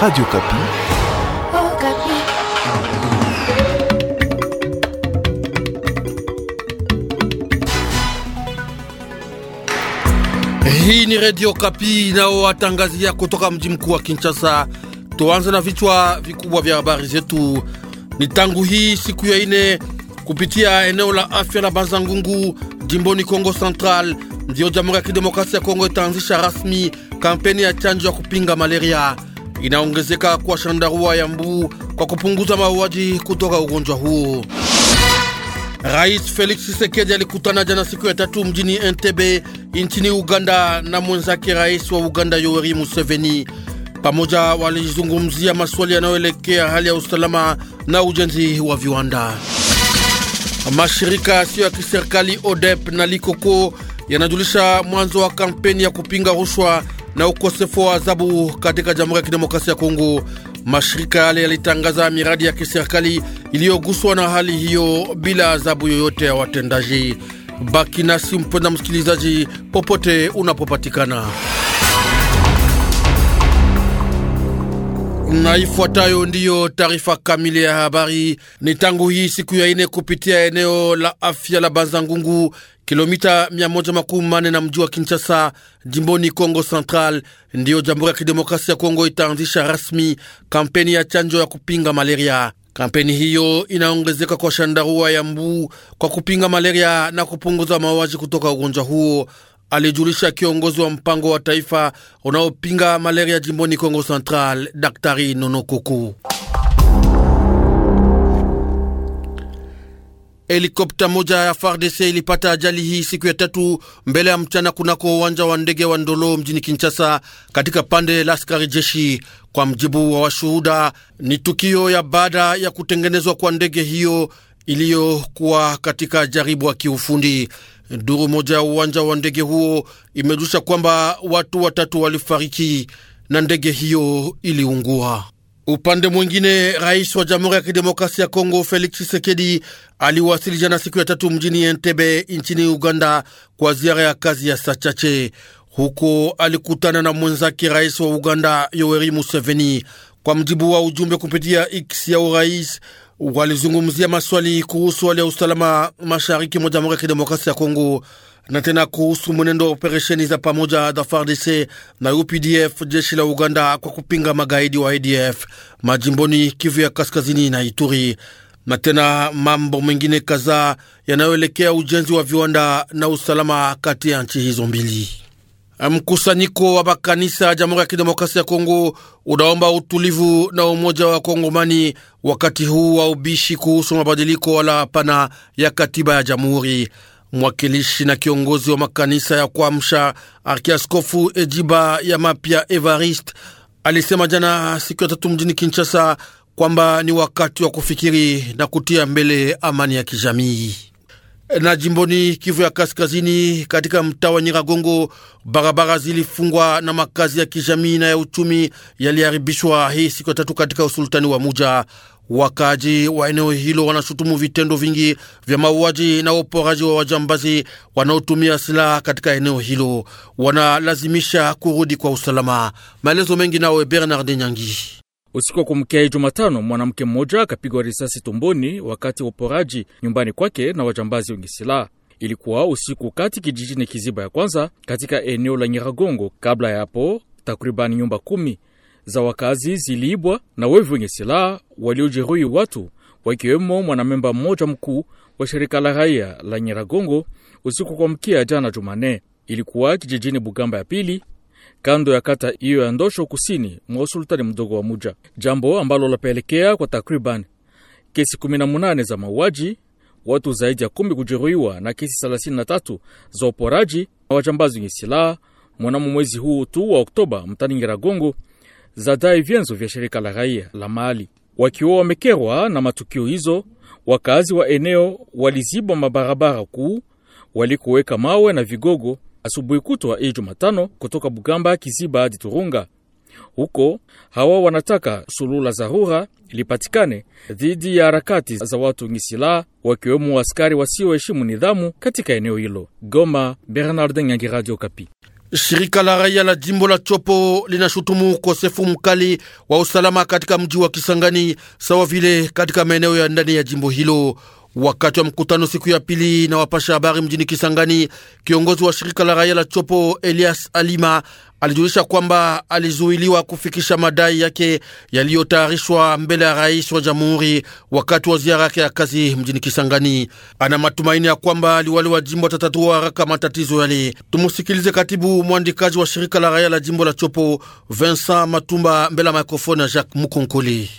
Radio Kapi. Oh, Kapi. Hii ni Radio Kapi watangazia kutoka mji mkuu wa Kinshasa. Tuanze na vichwa vikubwa vya habari zetu. Ni tangu hii siku ya ine kupitia eneo la afya la bazangungu jimboni Kongo Central ndiyo Jamhuri ya Kidemokrasia ya Kongo itaanzisha rasmi kampeni ya chanjo ya kupinga malaria inaongezeka kwa shandarua ya mbu kwa kupunguza mauaji kutoka ugonjwa huo. Rais Felix Tshisekedi alikutana jana siku ya tatu mjini Entebbe nchini Uganda na mwenzake rais wa Uganda Yoweri Museveni. Pamoja walizungumzia maswali yanayoelekea hali ya usalama na ujenzi wa viwanda. Mashirika yasiyo ya kiserikali ODEP na Likoko yanajulisha mwanzo wa kampeni ya kupinga rushwa na ukosefu wa adhabu katika Jamhuri ya Kidemokrasia ya Kongo. Mashirika yale yalitangaza miradi ya kiserikali iliyoguswa na hali hiyo bila adhabu yoyote ya watendaji. Baki nasi mpenda msikilizaji, popote unapopatikana, na ifuatayo ndiyo taarifa kamili ya habari. Ni tangu hii siku ya ine kupitia eneo la afya la Banzangungu kilomita mia moja makumi mane na mji wa Kinshasa, jimboni Kongo Central, ndiyo Jamhuri ya Kidemokrasia ya Kongo itaanzisha rasmi kampeni ya chanjo ya kupinga malaria. Kampeni hiyo inaongezeka kwa shandarua ya mbu kwa kupinga malaria na kupunguza mauaji kutoka ugonjwa huo, alijulisha kiongozi wa mpango wa taifa unaopinga malaria jimboni Kongo Central, Daktari Nonokuku. Helikopta moja ya FARDC ilipata ajali hii siku ya tatu mbele ya mchana kunako uwanja wa ndege wa Ndolo mjini Kinshasa, katika pande la askari jeshi. Kwa mjibu wa washuhuda, ni tukio ya baada ya kutengenezwa kwa ndege hiyo iliyokuwa katika jaribu wa kiufundi. Duru moja ya uwanja wa ndege huo imejusha kwamba watu watatu walifariki na ndege hiyo iliungua. Upande mwingine, rais wa Jamhuri ya Kidemokrasia ya Kongo Felix Tshisekedi aliwasili jana siku ya tatu mjini Entebbe nchini Uganda kwa ziara ya kazi ya saa chache. Huko alikutana na mwenzake rais wa Uganda Yoweri Museveni. Kwa mjibu wa ujumbe kupitia X ya urais, walizungumzia maswali kuhusu hali ya usalama mashariki mwa Jamhuri ya Kidemokrasia ya Kongo na tena kuhusu mwenendo wa operesheni za pamoja za FARDC na UPDF, jeshi la Uganda kwa kupinga magaidi wa ADF majimboni Kivu ya kaskazini na Ituri, na tena mambo mengine kadhaa yanayoelekea ujenzi wa viwanda na usalama kati ya nchi hizo mbili. Mkusanyiko wa makanisa ya Jamhuri ya Kidemokrasia ya Kongo unaomba utulivu na umoja wa Kongomani wakati huu wa ubishi kuhusu mabadiliko wala hapana ya katiba ya jamhuri mwakilishi na kiongozi wa makanisa ya kuamsha Arkiaskofu Ejiba ya mapya Evarist alisema jana siku ya tatu mjini Kinshasa kwamba ni wakati wa kufikiri na kutia mbele amani ya kijamii na jimboni Kivu ya Kaskazini, katika mtaa wa Nyiragongo, barabara zilifungwa na makazi ya kijamii na ya uchumi yaliharibishwa hii siku ya tatu katika usultani wa Muja. Wakaaji wa eneo hilo wanashutumu vitendo vingi vya mauaji na uporaji wa wajambazi wanaotumia silaha katika eneo hilo, wanalazimisha kurudi kwa usalama. Maelezo mengi nawe Bernard Nyangi. Usiku wa kumkea Jumatano, mwanamke mmoja akapigwa risasi tumboni wakati wa uporaji nyumbani kwake na wajambazi wenye silaha. Ilikuwa usiku kati kijijini Kiziba ya kwanza katika eneo la Nyiragongo. Kabla ya hapo, takribani nyumba kumi za wakazi ziliibwa na wevi wenye silaha waliojeruhi watu, wakiwemo mwanamemba mmoja mkuu wa shirika la raia la Nyiragongo. Usiku kwa mkia jana Jumanne. ilikuwa kijijini Bugamba ya pili kando ya kata hiyo ya Ndosho kusini mwa usultani mdogo wa Muja, jambo ambalo lapelekea kwa takriban kesi 18 za mauaji, watu zaidi ya kumi kujeruhiwa na kesi 33 za uporaji na wajambazi wenye silaha mwanamo mwezi huu tu wa Oktoba mtani Nyiragongo, zadai vyanzo vya shirika la raia la mahali. Wakiwa wamekerwa na matukio hizo, wakazi wa eneo waliziba mabarabara kuu, walikuweka mawe na vigogo asubuhi kutwa hii Jumatano kutoka Bugamba, Kiziba hadi Turunga. Huko hawa wanataka suluhu la dharura lipatikane dhidi ya harakati za watu wenye silaha wakiwemo askari wasioheshimu nidhamu katika eneo hilo. Goma, Bernard Nyangi, Radio Kapi. Shirika la raia la jimbo la Chopo linashutumu ukosefu mkali wa usalama katika mji wa Kisangani sawa vile katika maeneo ya ndani ya jimbo hilo. Wakati wa mkutano siku ya pili na wapasha habari mjini Kisangani, kiongozi wa shirika la raia la Chopo Elias Alima alijulisha kwamba alizuiliwa kufikisha madai yake yaliyotayarishwa mbele ya rais wa jamhuri wakati wa ziara yake ya kazi mjini Kisangani. Ana matumaini ya kwamba liwali wa jimbo atatatua haraka matatizo yale. Tumusikilize katibu mwandikaji wa shirika la raia la jimbo la Chopo, Vincent Matumba, mbele ya maikrofoni ya Jacques Mukonkoli.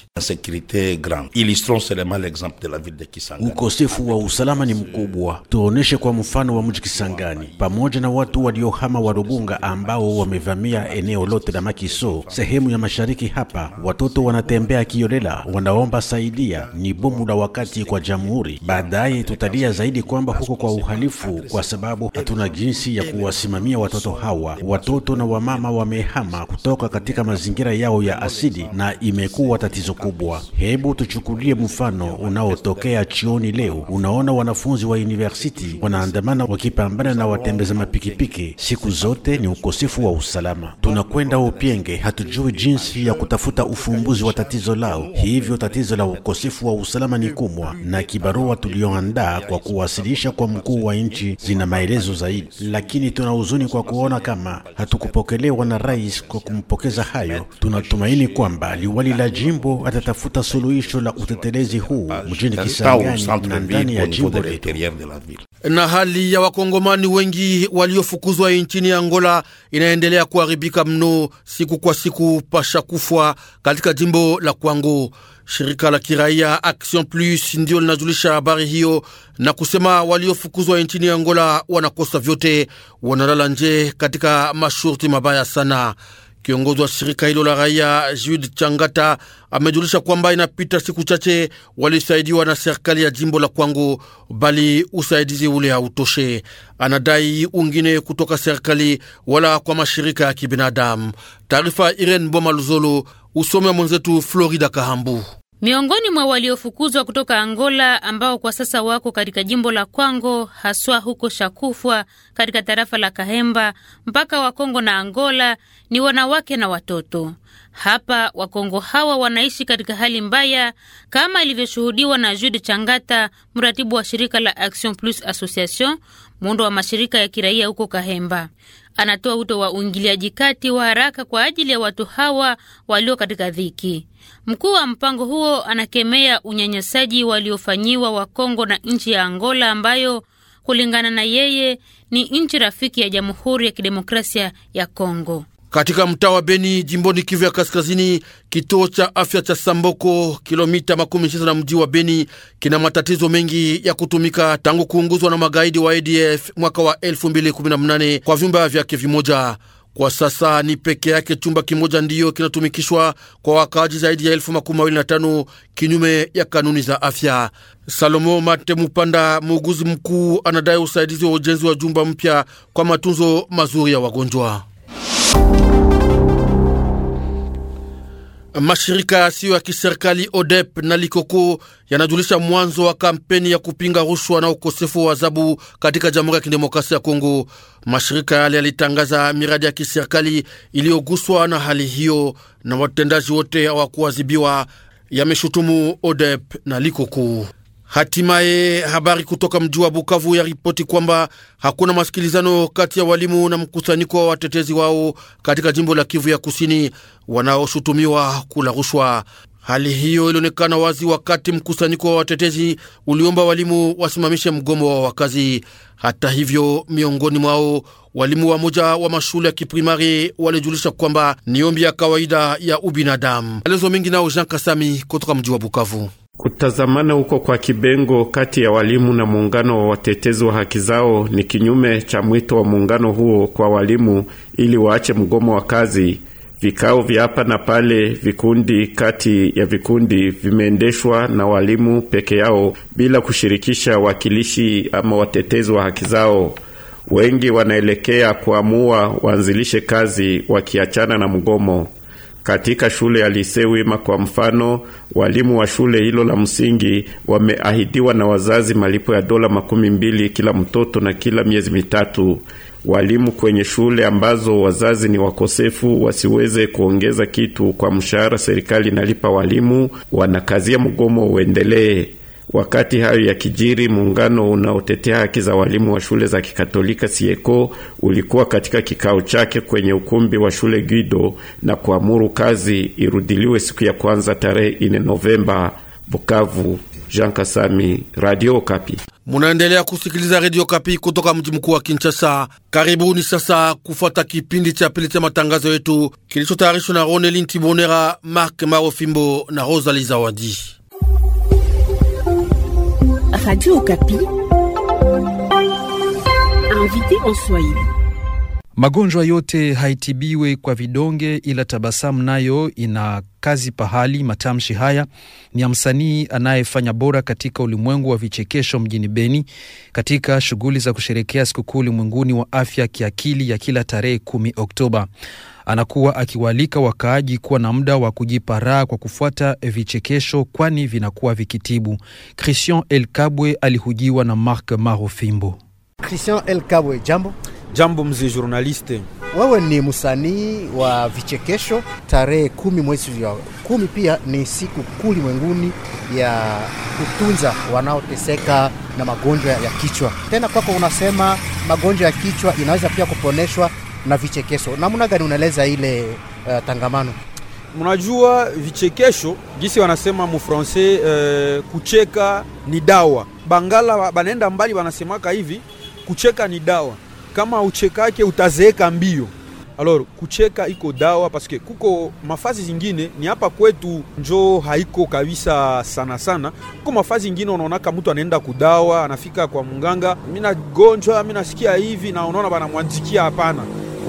Ukosefu wa usalama ni mkubwa, tuoneshe kwa mfano wa mji Kisangani pamoja na watu waliohama Warubunga ambao wame walivamia eneo lote la Makiso, sehemu ya mashariki hapa. Watoto wanatembea kiolela, wanaomba saidia. Ni bomu la wakati kwa jamhuri. Baadaye tutalia zaidi kwamba huko kwa uhalifu, kwa sababu hatuna jinsi ya kuwasimamia watoto hawa. Watoto na wamama wamehama kutoka katika mazingira yao ya asili, na imekuwa tatizo kubwa. Hebu tuchukulie mfano unaotokea chioni leo. Unaona wanafunzi wa university wanaandamana wakipambana na watembeza mapikipiki. Siku zote ni ukosefu wa usawa usalama. Tunakwenda Upyenge, hatujui jinsi ya kutafuta ufumbuzi wa tatizo lao. Hivyo tatizo la ukosefu wa usalama ni kubwa, na kibarua tulioandaa kwa kuwasilisha kwa mkuu wa nchi zina maelezo zaidi, lakini tuna huzuni kwa kuona kama hatukupokelewa na rais kwa kumpokeza hayo. Tunatumaini kwamba liwali la jimbo atatafuta suluhisho la utetelezi huu mjini Kisangani na ndani ya jimbo letu na hali ya wakongomani wengi waliofukuzwa nchini Angola inaendelea kuharibika mno siku kwa siku pashakufwa katika jimbo la Kwango. Shirika la kiraia Action Plus ndio linajulisha habari hiyo na kusema waliofukuzwa nchini Angola wanakosa vyote, wanalala nje katika masharti mabaya sana. Kiongozi wa shirika hilo la raia Jude Changata amejulisha kwamba inapita siku chache walisaidiwa na serikali ya jimbo la Kwango, bali usaidizi ule hautoshe. Anadai ungine kutoka serikali wala kwa mashirika ya kibinadamu. Taarifa Irene Bomaluzolo, usome mwenzetu Florida Kahambu. Miongoni mwa waliofukuzwa kutoka Angola ambao kwa sasa wako katika jimbo la Kwango haswa huko Shakufwa katika tarafa la Kahemba, mpaka wa Kongo na Angola, ni wanawake na watoto. Hapa Wakongo hawa wanaishi katika hali mbaya kama ilivyoshuhudiwa na Jude Changata, mratibu wa shirika la Action Plus Association, muundo wa mashirika ya kiraia huko Kahemba. Anatoa wito wa uingiliaji kati wa haraka kwa ajili ya watu hawa walio katika dhiki. Mkuu wa mpango huo anakemea unyanyasaji waliofanyiwa wa kongo na nchi ya Angola ambayo kulingana na yeye ni nchi rafiki ya Jamhuri ya Kidemokrasia ya Kongo katika mtaa wa Beni jimboni Kivu ya Kaskazini, kituo cha afya cha Samboko, kilomita makumi sita na mji wa Beni, kina matatizo mengi ya kutumika tangu kuunguzwa na magaidi wa ADF mwaka wa 2018 kwa vyumba vyake vimoja. Kwa sasa ni peke yake chumba kimoja ndiyo kinatumikishwa kwa wakaaji zaidi ya elfu makumi mawili na tano kinyume ya kanuni za afya. Salomo Mate Mupanda, muuguzi mkuu, anadai usaidizi wa ujenzi wa jumba mpya kwa matunzo mazuri ya wagonjwa. Mashirika yasiyo ya kiserikali ODEP na Likoko yanajulisha mwanzo wa kampeni ya kupinga rushwa na ukosefu wa adhabu katika Jamhuri ya Kidemokrasia ya Kongo. Mashirika yale yalitangaza miradi ya kiserikali iliyoguswa na hali hiyo, na watendaji wote hawakuadhibiwa, yameshutumu ODEP na Likoko. Hatimaye habari kutoka mji wa Bukavu ya ripoti kwamba hakuna masikilizano kati ya walimu na mkusanyiko wa watetezi wao katika jimbo la Kivu ya Kusini wanaoshutumiwa kula rushwa. Hali hiyo ilionekana wazi wakati mkusanyiko wa watetezi uliomba walimu wasimamishe mgomo wa wakazi. Hata hivyo, miongoni mwao walimu wa moja wa mashule ya kiprimari walijulisha kwamba ni ombi ya kawaida ya ubinadamu. alezo mingi nao Jean Kasami kutoka mji wa Bukavu. Kutazamana huko kwa kibengo kati ya walimu na muungano wa watetezi wa haki zao ni kinyume cha mwito wa muungano huo kwa walimu ili waache mgomo wa kazi. Vikao vya hapa na pale, vikundi kati ya vikundi, vimeendeshwa na walimu peke yao bila kushirikisha wakilishi ama watetezi wa haki zao. Wengi wanaelekea kuamua waanzilishe kazi wakiachana na mgomo. Katika shule ya Lisewima kwa mfano, walimu wa shule hilo la msingi wameahidiwa na wazazi malipo ya dola makumi mbili kila mtoto na kila miezi mitatu. Walimu kwenye shule ambazo wazazi ni wakosefu wasiweze kuongeza kitu kwa mshahara serikali inalipa walimu, wanakazia mgomo uendelee. Wakati hayo ya kijiri, muungano unaotetea haki za walimu wa shule za Kikatolika Sieko ulikuwa katika kikao chake kwenye ukumbi wa shule Guido na kuamuru kazi irudiliwe siku ya kwanza tarehe ine Novemba. Bukavu, Jean Kasami, Radio Kapi. Munaendelea kusikiliza Radio Kapi kutoka mji mkuu wa Kinshasa. Karibuni sasa kufuata kipindi cha pili cha matangazo yetu kilichotayarishwa na Ronelin Tibonera, Mark Marofimbo na rosali Zawadi. Radio Okapi. Invité en Swahili. Magonjwa yote haitibiwe kwa vidonge, ila tabasamu nayo ina kazi pahali. Matamshi haya ni ya msanii anayefanya bora katika ulimwengu wa vichekesho mjini Beni, katika shughuli za kusherekea sikukuu ulimwenguni wa afya kiakili ya kila tarehe kumi Oktoba. Anakuwa akiwaalika wakaaji kuwa na muda wa kujipa raha kwa kufuata vichekesho, kwani vinakuwa vikitibu. Christian Elkabwe alihujiwa na Mark Marofimbo. Christian Elkabwe, jambo Jambo mzee journaliste, wewe ni msanii wa vichekesho. Tarehe kumi mwezi wa kumi pia ni siku kuu ulimwenguni ya kutunza wanaoteseka na magonjwa ya kichwa. Tena kwako unasema magonjwa ya kichwa inaweza pia kuponeshwa na vichekesho. Namna gani unaeleza ile uh, tangamano? Mnajua vichekesho jisi wanasema mufrancais, uh, eh, kucheka ni dawa. Bangala banaenda mbali, wanasemaka hivi kucheka ni dawa kama uchekake utazeeka mbio. Alors kucheka iko dawa, paske kuko mafazi zingine ni hapa kwetu njo haiko kabisa sana sana. Kuko mafazi zingine unaonaka mtu anaenda kudawa, anafika kwa munganga, mimi nagonjwa, mimi nasikia hivi, na unaona banamwandikia hapana,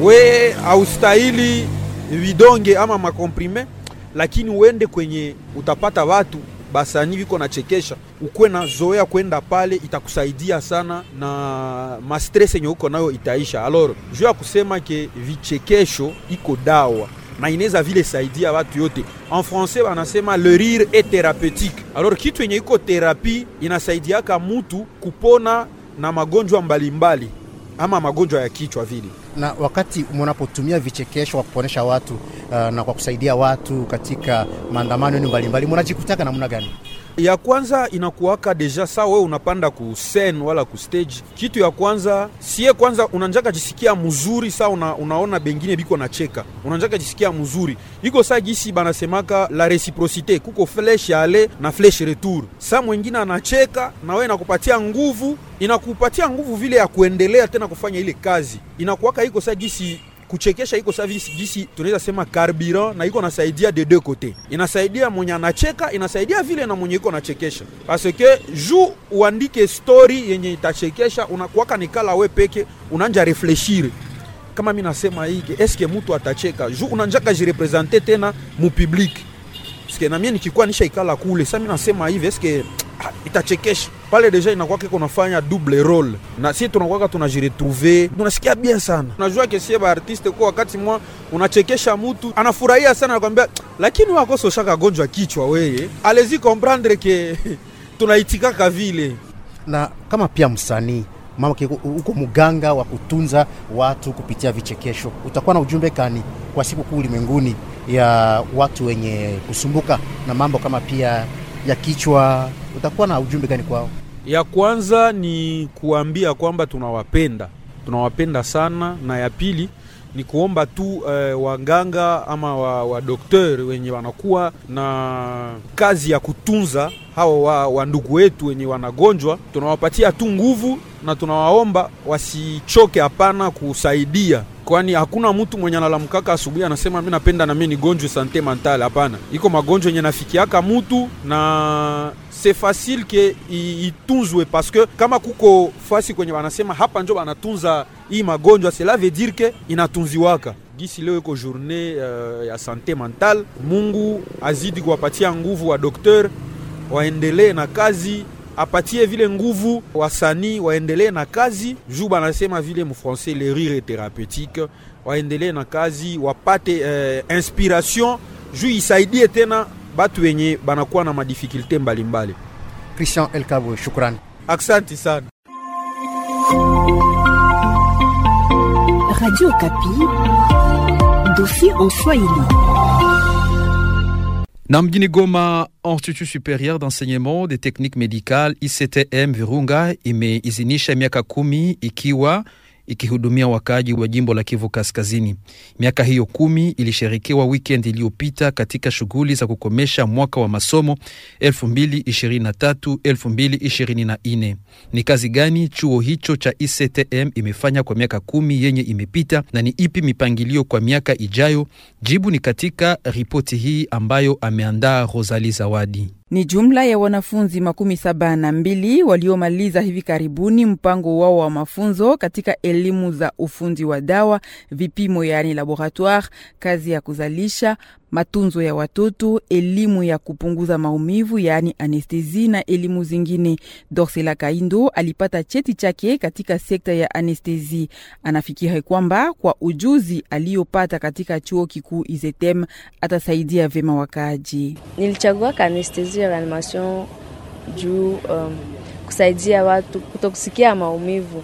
we haustahili vidonge ama makomprime, lakini uende kwenye utapata watu basani viko nachekesha, ukuwe na zoea kwenda pale, itakusaidia sana na mastress yenye uko nayo itaisha. Alor juu ya kusema ke vichekesho iko dawa na inaweza vile saidia watu yote. En français wanasema le rire est thérapeutique. Alors kitu yenye iko therapie inasaidiaka mutu kupona na magonjwa mbalimbali mbali ama magonjwa ya kichwa vile. Na wakati mnapotumia vichekesho kwa kuponesha watu uh, na kwa kusaidia watu katika maandamano yenu mbalimbali, mnajikutaka namna gani? ya kwanza inakuwaka deja saa wewe unapanda ku scene wala ku stage, kitu ya kwanza sie kwanza unanjaka jisikia mzuri saa una, unaona bengine biko na cheka, unanjaka jisikia mzuri iko saa gisi banasemaka la reciprocite, kuko flesh ale na flesh retour. Saa mwingine anacheka na wewe inakupatia nguvu, inakupatia nguvu vile ya kuendelea tena kufanya ile kazi, inakuwaka iko saa gisi kuchekesha iko service gisi tunaweza sema carburant, na iko nasaidia de deux côtés. inasaidia mwenye anacheka, inasaidia vile na mwenye iko nachekesha, parce que ju uandike story yenye itachekesha, unakuwaka nikala we peke unanja reflechire kama mimi nasema hiki que mtu atacheka ju unanjaka jirepresente tena mu public, parce que na mimi nikikuwa ikala kule, sasa mimi nasema hivi est-ce que itachekesha pale deja inakuwa kiko nafanya double role, na si tunakwaka tunajiretrouve, tunasikia bien sana. Unajua ba artiste kwa wakati mwa unachekesha mutu anafurahia sana, anakuambia lakini so shaka gonjwa kichwa, weye alezi comprendre ke tunaitikaka vile, na kama pia msanii mama huko muganga wa kutunza watu kupitia vichekesho, utakuwa na ujumbe kani kwa siku kuu ulimwenguni ya watu wenye kusumbuka na mambo kama pia ya kichwa, utakuwa na ujumbe gani kwao? Ya kwanza ni kuambia kwamba tunawapenda, tunawapenda sana, na ya pili ni kuomba tu eh, waganga ama wadokter wa wenye wanakuwa na kazi ya kutunza hawa wa, wa wetu wenye wanagonjwa, tunawapatia tu nguvu na tunawaomba wasichoke, hapana kusaidia, kwani hakuna mtu mwenye analamkaka asubuhi anasema mimi napenda na mi nigonjwe sante mentale. Hapana, iko magonjwa yenye nafikiaka mutu na c'est facile que kitunzwe parce que kama kuko fasi kwenye wanasema hapa njo wanatunza hii magonjwa, cela veut dire ke inatunziwaka gisi leo iko journée uh, ya santé mentale. Mungu azidi kuwapatia nguvu wa dokteur waendelee na kazi, apatie vile nguvu wasanii waendelee na kazi juu banasema vile mufrancais le rire thérapeutique, waendelee na kazi wapate uh, inspiration juu isaidie tena batu wenye banakuwa na madifikulte mbalimbali. Christian Elkabwe, shukrani, aksanti sana. Radio Okapi, dossier en Swahili. Na mjini Goma, Institut Superieur d'Enseignement des technique Medicales ICTM Virunga imeidhinisha miaka kumi ikiwa ikihudumia wakaaji wa jimbo la Kivu Kaskazini. Miaka hiyo kumi ilisherekewa wikend iliyopita katika shughuli za kukomesha mwaka wa masomo 2023-2024. Ni kazi gani chuo hicho cha ICTM imefanya kwa miaka kumi yenye imepita na ni ipi mipangilio kwa miaka ijayo? Jibu ni katika ripoti hii ambayo ameandaa Rosali Zawadi. Ni jumla ya wanafunzi makumi saba na mbili waliomaliza hivi karibuni mpango wao wa mafunzo katika elimu za ufundi wa dawa, vipimo yaani laboratoire, kazi ya kuzalisha matunzo ya watoto, elimu ya kupunguza maumivu yaani anestezi na elimu zingine. Dorsela Kaindo alipata cheti chake katika sekta ya anestezi. Anafikiri kwamba kwa ujuzi aliyopata katika chuo kikuu Izetem atasaidia vema wakaaji. Nilichagua anestezi reanimation juu um, kusaidia watu kutokusikia maumivu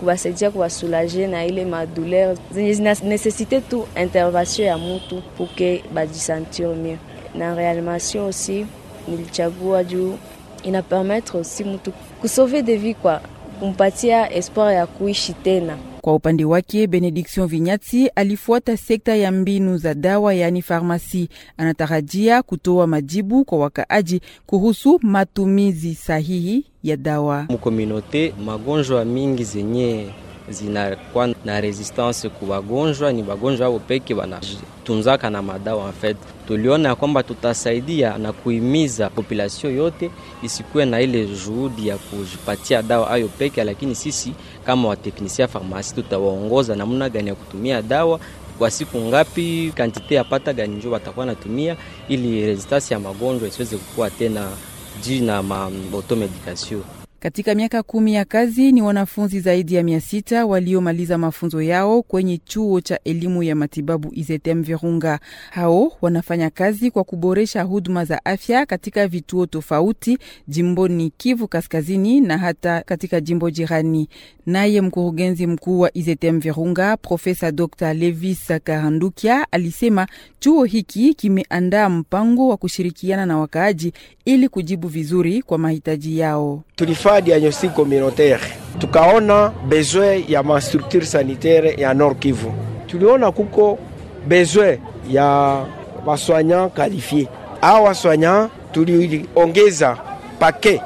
kuwasaidia kuwasulaje na ile madouleur zenye nesesite tu intervention ya mutu puke bajisentir mie. Na reanimation aussi nilichagua juu ina permettre aussi mutu kusauve de vie kwa kumpatia espoir ya kuishi tena. Kwa upande wake Benediction Vinyati alifuata sekta ya mbinu za dawa yaani farmasi. Anatarajia kutoa majibu kwa wakaaji kuhusu matumizi sahihi ya dawa mukominote magonjwa mingi zenye zinakuwa na resistance ku wagonjwa, ni wagonjwa hao peke wanatunzaka na madawa. En fait tuliona ya kwamba tutasaidia na kuimiza population yote isikuwe na ile juhudi ya kujipatia dawa ayo peke, lakini sisi kama wateknisia farmasi tutawaongoza namna gani ya kutumia dawa kwa siku ngapi, kantite ya pata gani njo watakuwa natumia, ili resistance ya magonjwa isiweze kukua tena juu na maboto medikasio katika miaka kumi ya kazi ni wanafunzi zaidi ya mia sita waliomaliza mafunzo yao kwenye chuo cha elimu ya matibabu IZM Virunga. Hao wanafanya kazi kwa kuboresha huduma za afya katika vituo tofauti jimboni Kivu Kaskazini na hata katika jimbo jirani. Naye mkurugenzi mkuu wa IZM Virunga Profesa Dr Levis Karandukia alisema chuo hiki kimeandaa mpango wa kushirikiana na wakaaji ili kujibu vizuri kwa mahitaji yao. tulifaa diagnostic communautaire, tukaona besoin ya structure sanitaire ya Nord Kivu, tuliona kuko besoin ya soignant kalifie a waswanya, tuliongeza paquet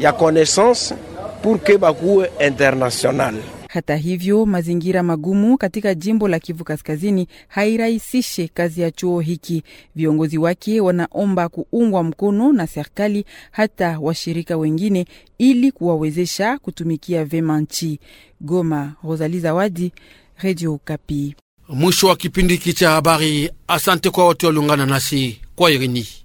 ya connaissance pour que bakuwe international Hata hivyo, mazingira magumu katika jimbo la Kivu Kaskazini hairahisishe kazi ya chuo hiki. Viongozi wake wanaomba kuungwa mkono na serikali, hata washirika wengine, ili kuwawezesha kutumikia vema nchi. Goma, Rosali Zawadi, Radio kapi Mwisho wa kipindi hiki cha habari. Asante kwa wote waliungana nasi kwa irini.